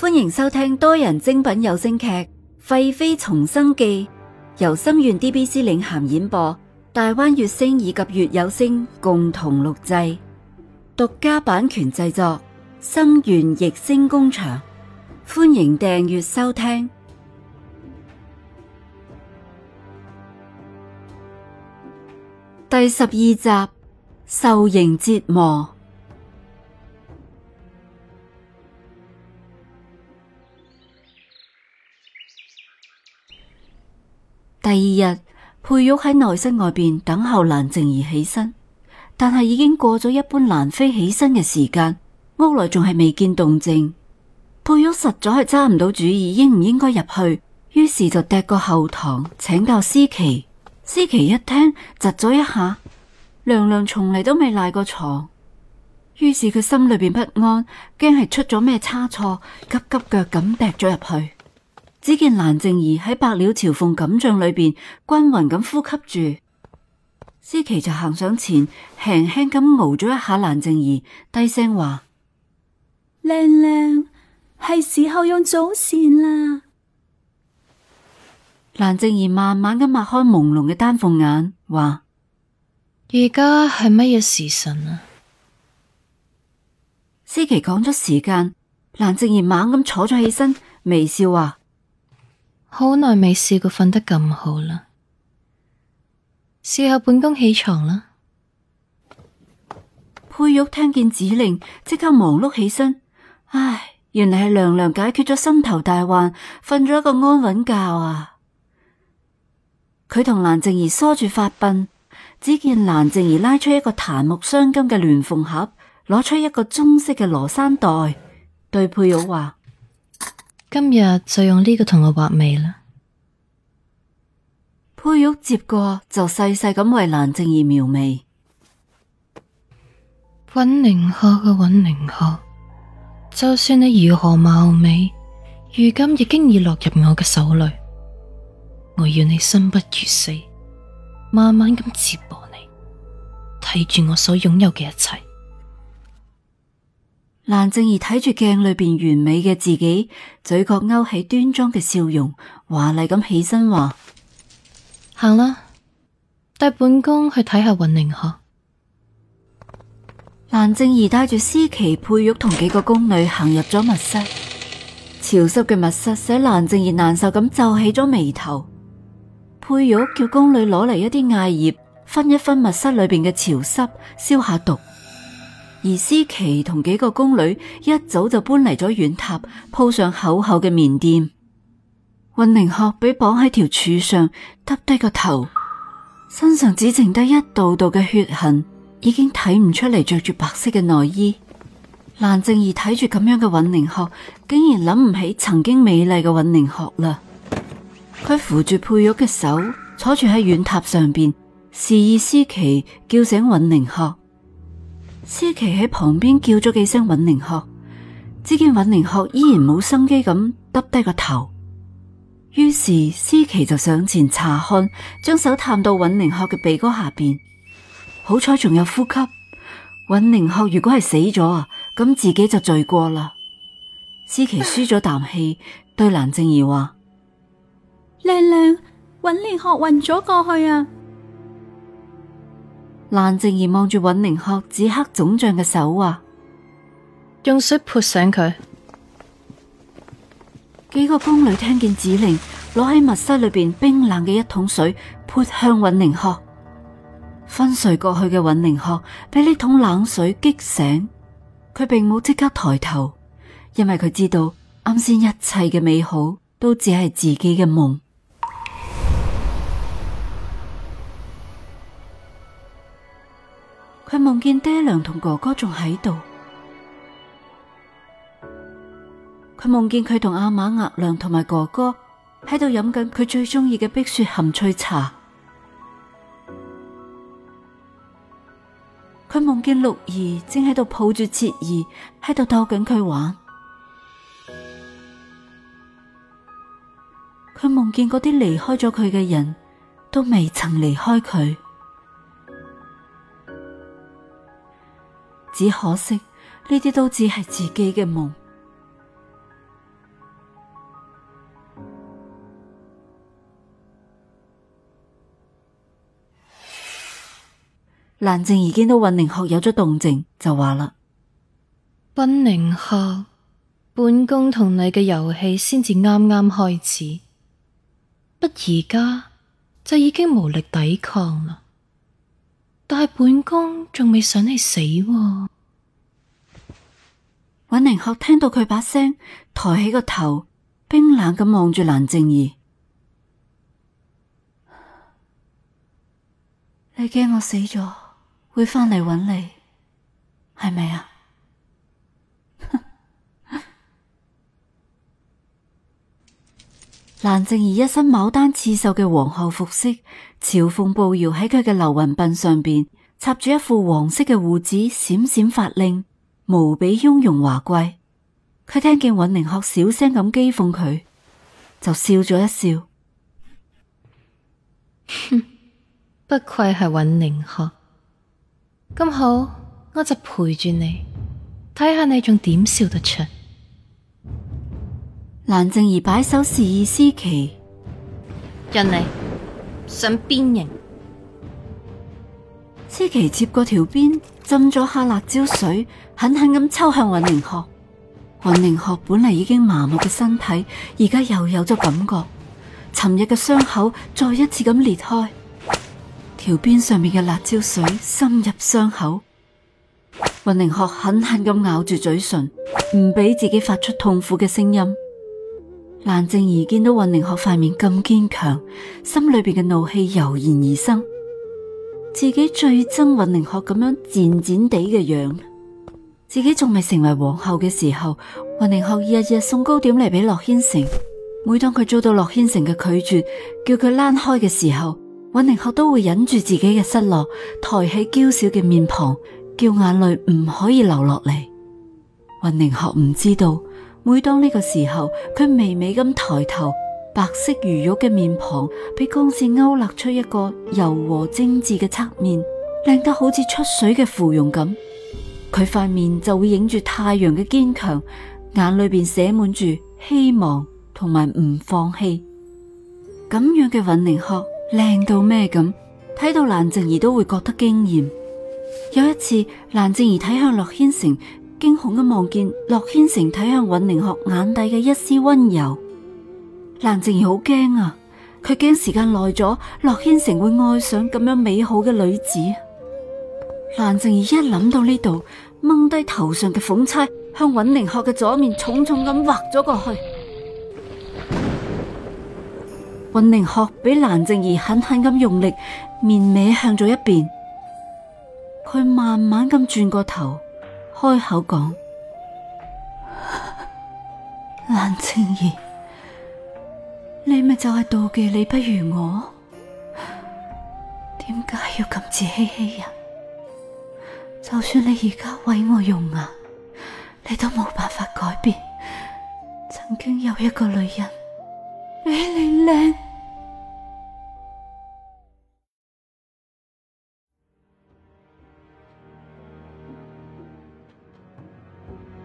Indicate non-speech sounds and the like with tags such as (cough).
歡迎收聽多人精品有聲劇《廢妃重生記》，由心願 DBC 領銜演播，大灣月星以及月有聲共同錄製，獨家版權製作，心願逸星工場。歡迎訂閱收聽第十二集《受刑折磨》。第二日，佩玉喺內室外邊等候蘭靜怡起身，但係已經過咗一般蘭妃起身嘅時間，屋內仲係未見動靜。佩玉實在係揸唔到主意，應唔應該入去，於是就趯過後堂請教思琪。思琪一聽，窒咗一下，娘娘從嚟都未賴過床，於是佢心裏邊不安，驚係出咗咩差錯，急急腳咁趯咗入去。只見蘭靜儀喺百鳥朝鳳錦帳裏邊均匀咁呼吸住，思琪就行上前輕輕咁熬咗一下蘭靜儀，低聲話：靚靚，係時候用早膳啦。蘭靜儀慢慢咁擘開朦朧嘅丹鳳眼，話：而家係乜嘢時辰啊？思琪講咗時間，蘭靜儀猛咁坐咗起身，微笑話。試好耐未試過瞓得咁好啦，事後本宮起床啦。佩玉聽見指令，即刻忙碌起身。唉，原來係娘娘解決咗心頭大患，瞓咗一個安穩覺啊。佢同蘭靜兒梳住發鬢，只見蘭靜兒拉出一個檀木鑲金嘅鸞鳳盒，攞出一個棕色嘅羅山袋，對佩玉話。今日就用呢個同我畫眉啦，佩玉接過就細細咁為蘭靜兒描眉。尹寧鶴嘅，尹寧鶴，就算你如何貌美，如今亦經已落入我嘅手裏。我要你生不如死，慢慢咁折磨你，睇住我所擁有嘅一切。蘭靜兒睇住鏡裏邊完美嘅自己，嘴角勾起端莊嘅笑容，華麗咁起身話：行啦，帶本宮去睇下云寧可。蘭靜兒帶住思琪、佩玉同幾個宮女行入咗密室，潮濕嘅密室使蘭靜兒難受咁皺起咗眉頭。佩玉叫宮女攞嚟一啲艾葉，分一分密室裏邊嘅潮濕，消下毒。而思琪同幾個宮女一早就搬嚟咗軟榻，鋪上厚厚嘅棉墊。尹寧鶴被綁喺條柱上，耷低個頭，身上只剩低一道道嘅血痕，已經睇唔出嚟着住白色嘅內衣。蘭靜儀睇住咁樣嘅尹寧鶴，竟然諗唔起曾經美麗嘅尹寧鶴啦。佢扶住佩玉嘅手，坐住喺軟榻上邊，示意思琪叫醒尹寧鶴。思琪喺旁邊叫咗幾聲尹寧鶴，只見尹寧鶴依然冇心機咁耷低個頭，於是思琪就上前查看，將手探到尹寧鶴嘅鼻哥下邊，好彩仲有呼吸。尹寧鶴如果係死咗啊，咁自己就罪過啦。思琪舒咗啖氣， (laughs) 對藍靜兒話：靚靚，尹寧鶴暈咗過去啊！蘭靜兒望住尹寧鶴紫黑腫脹嘅手，話：用水潑醒佢。幾個宮女聽見指令，攞喺密室裏邊冰冷嘅一桶水潑向尹寧鶴。昏睡過去嘅尹寧鶴俾呢桶冷水激醒，佢並冇即刻抬頭，因為佢知道啱先一切嘅美好都只係自己嘅夢。佢夢見爹娘同哥哥仲喺度，佢夢見佢同阿瑪、額娘同埋哥哥喺度飲緊佢最中意嘅碧雪含翠茶。佢夢見六兒正喺度抱住徹兒喺度逗緊佢玩。佢夢見嗰啲離開咗佢嘅人都未曾離開佢。只可惜呢啲都只係自己嘅夢。蘭靜宜見到溫寧鶴有咗動靜，就話啦：溫寧鶴，本宮同你嘅遊戲先至啱啱開始，不而家就已經無力抵抗啦。但係本宮仲未想你死啊。尹寧鶴聽到佢把聲，抬起個頭，冰冷咁望住蘭靜儀。你驚我死咗會返嚟揾你，係咪啊？蘭靜儀一身牡丹刺繡嘅皇后服飾，朝鳳步搖喺佢嘅流雲鬢上邊插住一副黃色嘅護指，閃閃發亮，無比雍容華貴。佢聽見尹寧鶴小聲咁譏諷佢，就笑咗一笑。哼， (laughs) 不愧係尹寧鶴，咁好，我就陪住你，睇下你仲點笑得出。蘭靜兒擺手示意思琪，「人嚟，想鞭刑？」思琪接過條鞭，浸咗下辣椒水，狠狠咁抽向雲寧鶴。雲寧鶴本嚟已經麻木嘅身體，而家又有咗感覺，尋日嘅傷口再一次咁裂開，條鞭上面嘅辣椒水深入傷口，雲寧鶴狠狠咁咬住嘴唇，唔俾自己發出痛苦嘅聲音。蘭靜兒見到尹寧學塊面咁堅強，心裏邊嘅怒氣油然而生。自己最憎尹寧學咁樣漸漸地嘅樣。自己仲未成為皇后嘅時候，尹寧學日日，日送糕點嚟俾樂軒成。每當佢遭到樂軒成嘅拒絕，叫佢躝開嘅時候，尹寧學都會忍住自己嘅失落，抬起嬌小嘅面龐，叫眼淚唔可以流落嚟。尹寧學唔知道。每當呢個時候，佢微微咁抬頭，白色如玉嘅面龐俾光線勾勒出一個柔和精致嘅側面，靚得好似出水嘅芙蓉咁。佢塊面就會影住太陽嘅堅強，眼裏邊寫滿住希望同埋唔放棄。咁樣嘅尹寧鶴靚到咩咁？睇到蘭靜兒都會覺得驚艷。有一次，蘭靜兒睇向洛軒城。驚恐咁望見洛軒成睇向尹寧學眼底嘅一絲溫柔，蘭靜兒好驚啊！佢驚時間耐咗，洛軒成會愛上咁樣美好嘅女子。蘭靜兒一諗到呢度，掹低頭上嘅鳳釵，向尹寧學嘅左面重重咁劃咗過去。尹寧 (laughs) 學俾蘭靜兒狠狠咁用力，面歪向咗一邊。佢慢慢咁轉過頭。開口講，蘭清兒，你咪就係妒忌你不如我，點解要咁自欺欺人？就算你而家毀我容顏，你都冇辦法改變。曾經有一個女人比你靚。